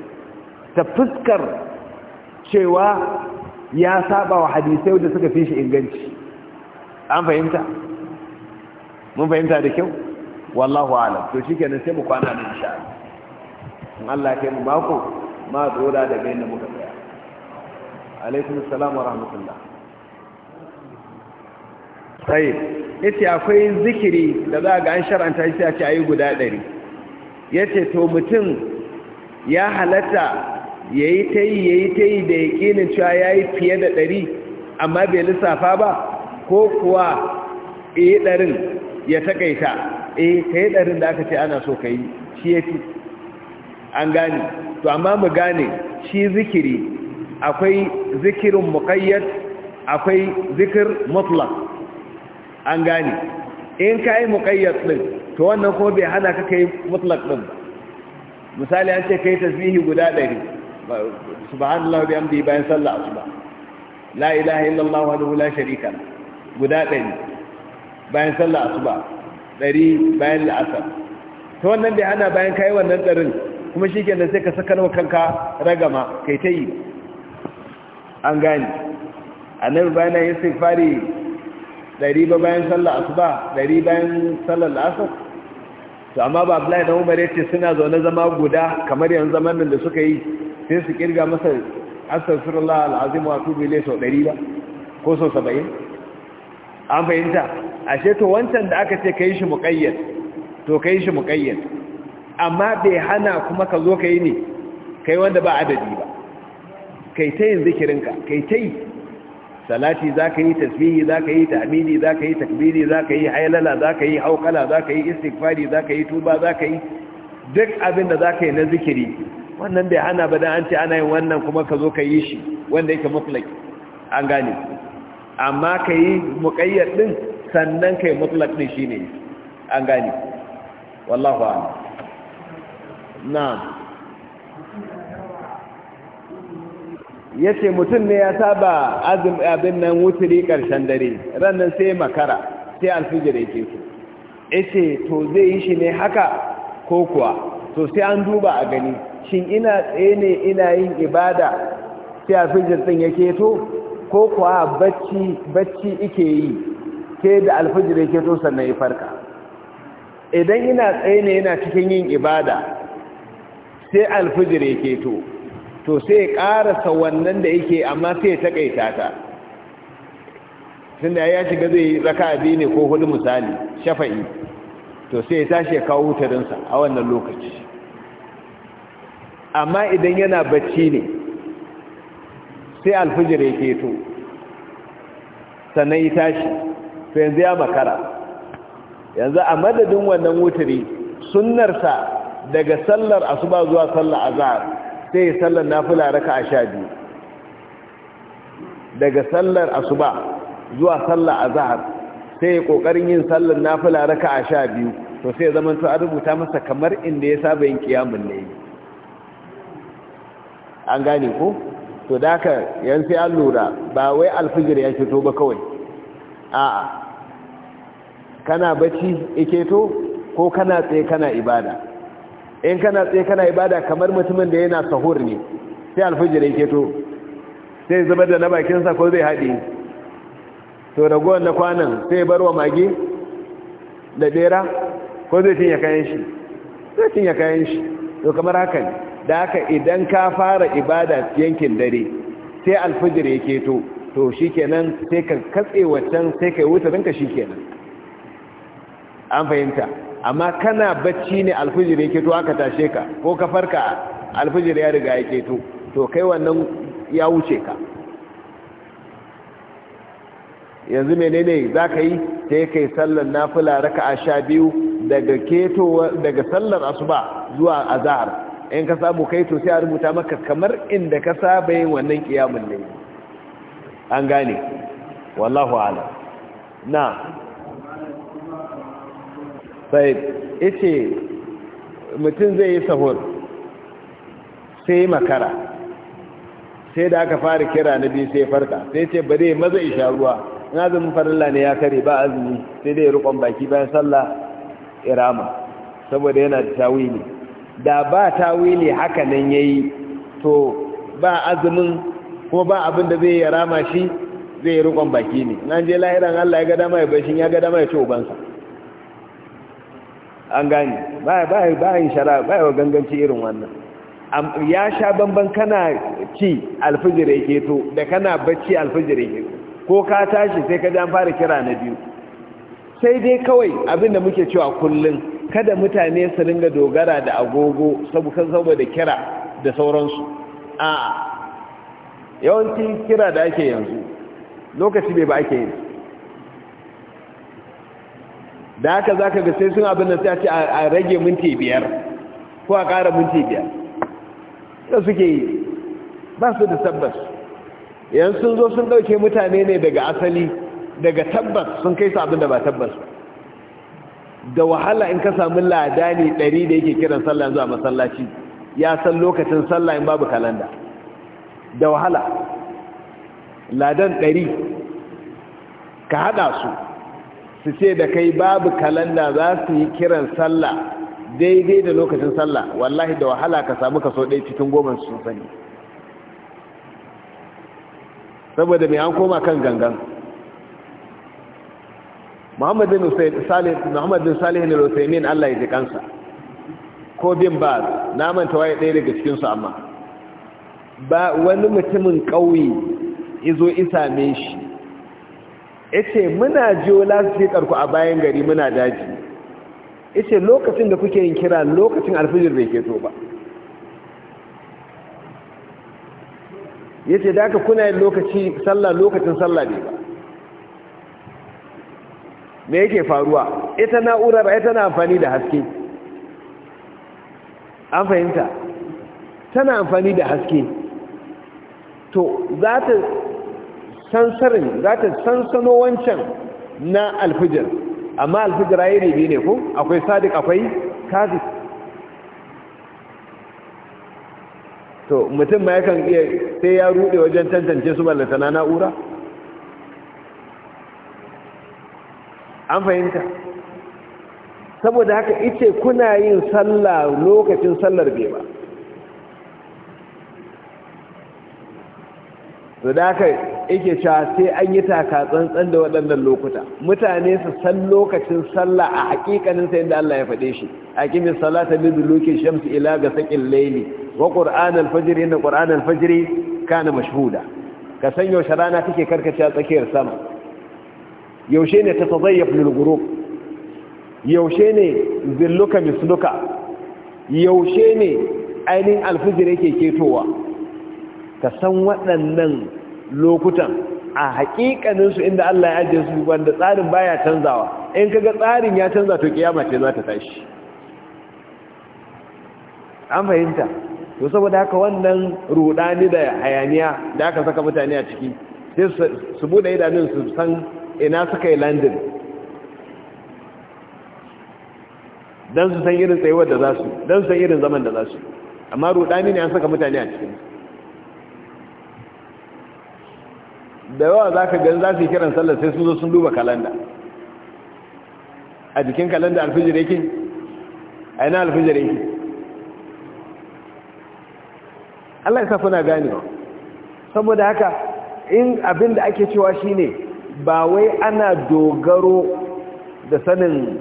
ta fuskar cewa ya saba wa hadisai da suka fi shi inganci an fahimta mun fahimta da kyau wallahu alam to shikenan sai mu kwana da insha Allah in Allah ya kai mu mako ma tsora daga yadda muka tsaya alaikum salam wa rahmatullah sai yace akwai zikiri da za ga an shar'anta shi a ce ayi guda 100 yace to mutum ya halatta yayi tai yayi tai da yakinin cewa yayi fiye da ɗari amma bai lissafa ba ko kuwa eh ɗarin ya takaita eh kai ɗarin da aka ce ana so kai shi fi an gane to amma mu gane shi zikiri akwai zikirin muƙayyad akwai zikir mutlaq an gane in ka yi muƙayyad ɗin to wannan kuma bai hana ka kai mutlaq ɗin misali an ce ka yi tasbihi guda ɗari subhanallah bi amdi bayan sallah asuba la ilaha illallah wahdahu la sharika guda ɗari bayan sallah asuba ɗari bayan la'asar to wannan bai hana bayan kai wannan ɗarin kuma shi kenan sai ka saka wa kanka ragama kai ta yi an gane annabi bayan nan fari dari ba bayan sallar asuba dari bayan sallar asar to amma ba Abdullahi da Umar yace suna zaune zama guda kamar yanzu zamanin da suka yi sai su kirga masa astaghfirullah alazim wa atubu ilayhi so dari ba ko so 70 an fahimta ashe to wancan da aka ce kai shi muqayyad to kai shi muqayyad amma bai hana kuma ka zo kai ne kai wanda ba adadi ba kai ta yin zikirinka kai ta yi salati za ka yi tasbihi za ka yi tahmidi za ka yi takbiri za ka yi hailala za ka yi haukala za ka yi istighfari za ka yi tuba za ka yi duk abin da za ka yi na zikiri wannan bai hana ba dan an ce ana yin wannan kuma ka zo ka yi shi wanda yake mutlaki an gane amma ka yi muƙayyar ɗin sannan ka yi mutlak ɗin shi an gane wallahu a'lam na'am ya ce mutum ne ya saba azumi abin nan wuturi ƙarshen dare rannan sai makara sai alfijir ke su ya ce to zai yi shi ne haka ko kuwa to sai an duba a gani shin ina tsaye ne ina yin ibada sai alfijir ɗin yake to ko kuwa bacci ike yi ke da alfijir ya to sannan ya farka idan ina tsaye ne yana cikin yin ibada sai alfijir ya to to sai ya karasa wannan da yake amma sai ya takaita ta tunda ya shiga zai yi raka'a biyu ne ko hudu misali shafa'i to sai ya tashi ya kawo wutarinsa a wannan lokaci amma idan yana bacci ne sai alfijir ya keto sannan ya tashi to yanzu ya makara yanzu a madadin wannan wutari sunnarsa daga sallar asuba zuwa sallar azhar sai ya sallar nafula raka a sha biyu daga sallar asuba zuwa sallar azahar sai ya ƙoƙarin yin sallar nafula raka a sha biyu to sai zama to an rubuta masa kamar inda ya saba yin kiyamun ne an gane ku? to da yan sai an lura ba wai alfijir ya fito ba kawai a'a kana bacci iketo ko kana tsaye kana ibada in kana tsaye kana ibada kamar mutumin da yana sahur ne sai alfijir ya keto sai zubar da na bakin sa ko zai haɗe to ragowar na kwanan sai bar wa mage da ɗera ko zai cinye kayan shi zai cinye kayan shi to kamar haka ne da haka idan ka fara ibada yankin dare sai alfijir ya keto to shi kenan sai ka katse waccan sai ka yi ranka shi kenan an fahimta amma kana bacci ne alfijir ya keto aka tashe ka ko ka farka alfijir ya riga ya keto to kai wannan ya wuce ka yanzu menene za ka yi sai kai sallar nafila raka'a a sha biyu daga keto daga sallar asuba zuwa azahar in ka samu kai to sai a rubuta maka kamar inda ka saba yin wannan kiyamun ne an gane wallahu ala na sai ce mutum zai yi sahur sai makara sai da aka fara kira na biyu sai farka sai ce bare maza isha ruwa in azumin farilla ne ya kare ba azumi sai dai rukon baki bayan sallah irama saboda yana da tawili da ba tawili haka nan yayi to ba azumin ko ba abin da zai yi rama shi zai yi rukon baki ne nan je lahiran Allah ya ga dama ya bashin ya ga dama ya ci ubansa an gane ba shara ba wa ganganci irin wannan ya sha banban kana ci alfijir yake to da kana bacci alfijir yake ko ka tashi sai ka jan fara kira na biyu sai dai kawai abin da muke cewa kullun kada mutane su ringa dogara da agogo saboda kira da sauransu a yawanci kira da ake yanzu lokaci bai ba ake yanzu da haka za ka ga sai sun abin da sai ce a rage minti biyar ko a ƙara minti biyar da suke yi ba su da tabbas yan sun zo sun ɗauke mutane ne daga asali daga tabbas sun kai su abin da ba tabbas da wahala in ka samu ne ɗari da yake kiran sallah zuwa masallaci ya san lokacin sallah in babu kalanda da wahala ladan ɗari ka haɗa su su ce da kai babu kalanda za su yi kiran sallah daidai da lokacin sallah wallahi da wahala ka samu kaso ɗaya cikin goma sun sani saboda mai an koma kan gangan muhammadu bin salih ne min allah ya ji kansa ko bin ba na manta waye ɗaya daga cikinsu amma ba wani mutumin ƙauye izo isa me shi ce muna jiyo lasfikar ku a bayan gari muna daji ya ce lokacin da kuke yin kira lokacin alfijir bai keto ba ce da aka kuna yin lokaci sallah lokacin sallah ne ba me yake faruwa ita na'urar ita na amfani da haske an fahimta tana amfani da haske to za ta sansarin za ta sansano wancan na alfijir amma alfijir ayi ne ne ko akwai sadiq akwai kazi to mutum ma yakan iya sai ya rude wajen tantance su ballata na na'ura an fahimta saboda haka ice kuna yin sallah lokacin sallar bai ba su da haka yake cewa sai an yi taka tsantsan da waɗannan lokuta mutane su san lokacin sallah a hakikanin sai inda Allah ya faɗe shi aqimis salata liduluki shamsi ila gasaqil layli wa qur'an al-fajr inna qur'an al-fajr kana mashhuda ka san yaushe rana take karkace a tsakiyar sama yaushe ne tatazayyaf lil ghurub yaushe ne zilluka misluka yaushe ne ainihin alfijir yake ketowa ka san waɗannan lokutan a hakikaninsu inda Allah ya ajiye su wanda tsarin baya canzawa in kaga tsarin ya canza to kiyama ce za ta tashi an fahimta to saboda haka wannan rudani da hayaniya da aka saka mutane a ciki sai su bude idanun su san ina suka yi landin don su san irin tsayuwar da za su don su san irin zaman da za su amma rudani ne an saka mutane a cikinsu da yawa za ka gani za su yi kiran sallar sai sun zo sun duba kalanda a jikin kalanda alfijir yake a ina alfijir yake Allah ya safuna saboda haka in abin da ake cewa shine ba wai ana dogaro da sanin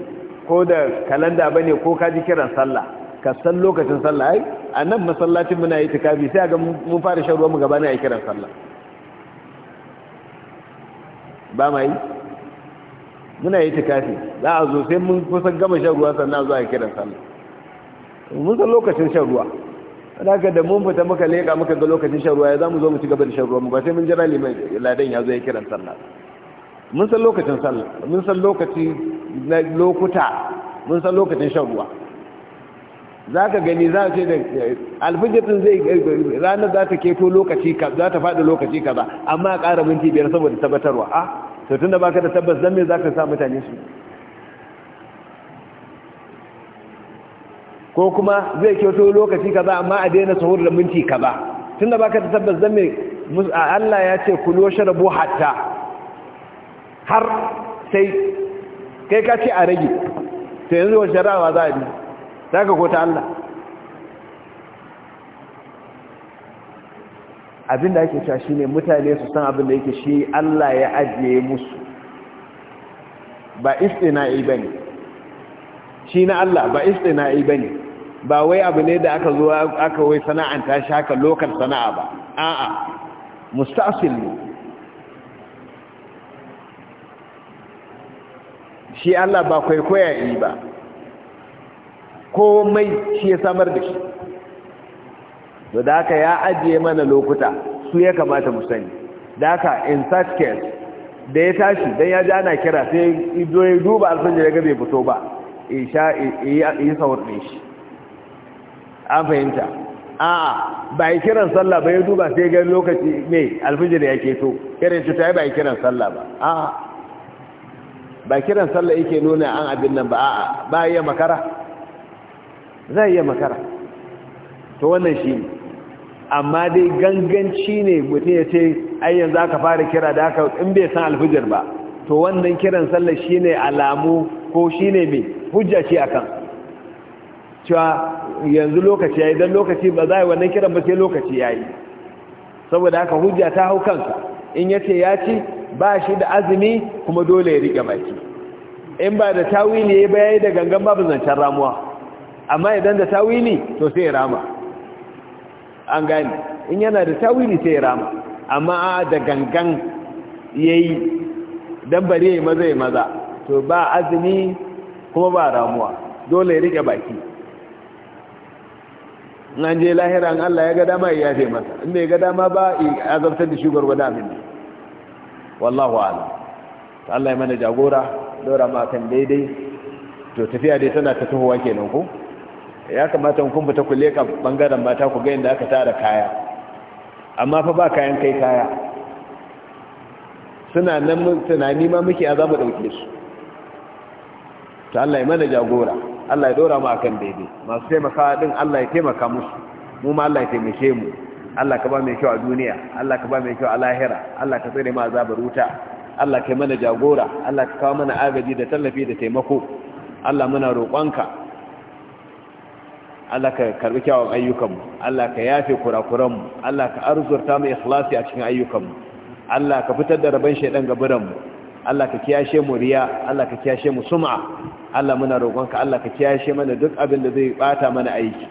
ko da kalanda ba ne ko kaji kiran sallah ka san lokacin sallah ai a nan masallacin muna yi tukabi sai a ga mun fara shan ruwa mu gaba a a kiran sallah ba ma yi muna yi tikafi za a zo sai mun kusan gama shan ruwa sannan zuwa kiran sallah mun san lokacin shan ruwa haka da mun fita muka leƙa muka ga lokacin shan ruwa ya za mu zo mu ci gaba da shan ruwa mu ba sai mun jira liman ladan ya zo ya kiran sallah mun san lokacin sallah mun san lokaci na lokuta mun san lokacin shan ruwa za ka gani za a ce da alfijitin zai ranar za ta keto lokaci za ta faɗi lokaci kaza amma a ƙara minti biyar saboda tabbatarwa ah, to tunda baka da tabbas zan me ka sa mutane su ko kuma zai kyoto lokaci ka ba amma a daina sahur da minti kaza tunda baka da tabbas zan me Allah ya ce kulu sharabu hatta har sai kai ka ce a rage to yanzu wace rawa za a bi Za ka kota Allah abin da ake cewa shine mutane su san abin da yake shi Allah ya ajiye musu ba istina'i bane shi na Allah ba istina'i bane ba wai abu ne da aka zo aka wai sana'anta shi haka lokal sana'a ba a'a musta'sil ne shi Allah ba kwaikwaya yi ba mai shi ya samar da shi to da haka ya ajiye mana lokuta su ya kamata mu sani da haka in such case da ya tashi don ya ji ana kira sai ido ya duba alfanje ya gabe fito ba isha yi saurin shi an fahimta a'a ba yi kiran sallah ba ya duba sai ya gani lokaci ne alfijir ya keto kiran shi ta yi ba yi kiran sallah ba a'a ba kiran sallah ke nuna an abin nan ba a'a ba ya makara zai iya makara to wannan shi ne amma dai ganganci ne mutum ya ce ai yanzu aka fara kira da aka in bai san alfijir ba to wannan kiran sallar shine alamu ko shine mai hujja ce akan cewa yanzu lokaci ya yi don lokaci ba za a yi wannan kiran ba sai lokaci ya yi saboda haka hujja ta hau kansa in yace ya ci ba shi da azumi kuma dole ya rike baki in ba da tawili yi ba yayi da gangan babu zancen ramuwa amma idan da tawili to sai ya rama an gani in yana da tawili sai rama amma da gangan yayi dan bare yayi maza yayi maza to ba azumi kuma ba ramuwa dole ya rike baki nan je lahira Allah ya ga dama ya yafe masa in bai ga dama ba azabtar da shugar wada min wallahu a'lam Allah ya mana jagora dora ma kan daidai to tafiya dai tana ta tuhuwa kenan ko ya kamata kun fita ku leka bangaren mata ku ga inda aka tara kaya amma fa ba kayan kai kaya suna nan tunani ma muke a za mu su To Allah ya mana jagora Allah ya dora mu akan bebe. masu taimakawa din Allah ya taimaka musu mu ma Allah ya taimake mu Allah ka ba mai kyau a duniya Allah ka ba mai kyau a lahira Allah ka tsare mu azabar wuta Allah ka mana jagora Allah ka kawo mana agaji da tallafi da taimako Allah muna roƙonka Allah ka karbi kyawun ayyukanmu Allah ka yafe kurakuranmu Allah ka arzurta mu ikhlasi a cikin ayyukanmu Allah ka fitar da rabon shaidan gaburanmu Allah ka kiyashe mu riya Allah ka kiyashe mu sum'a Allah muna roƙonka Allah ka kiyashe mana duk abin da zai bata mana aiki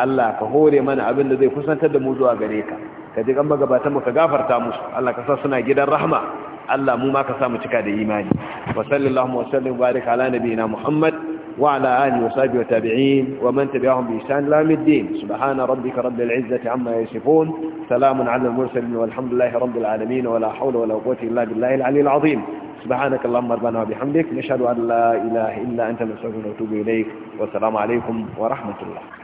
Allah ka hore mana abin da zai kusantar da mu zuwa gare ka ka ji kan magabatan mu ka gafarta musu Allah ka sa suna gidan rahma Allah mu ma ka sa mu cika da imani wa sallallahu wa sallam barik ala nabiyina muhammad وعلى آله وصحبه وتابعين ومن تبعهم بإحسان لام الدين سبحان ربك رب العزة عما يصفون سلام على المرسلين والحمد لله رب العالمين ولا حول ولا قوة إلا بالله العلي العظيم سبحانك اللهم ربنا وبحمدك نشهد أن لا إله إلا أنت نستغفرك ونتوب إليك والسلام عليكم ورحمة الله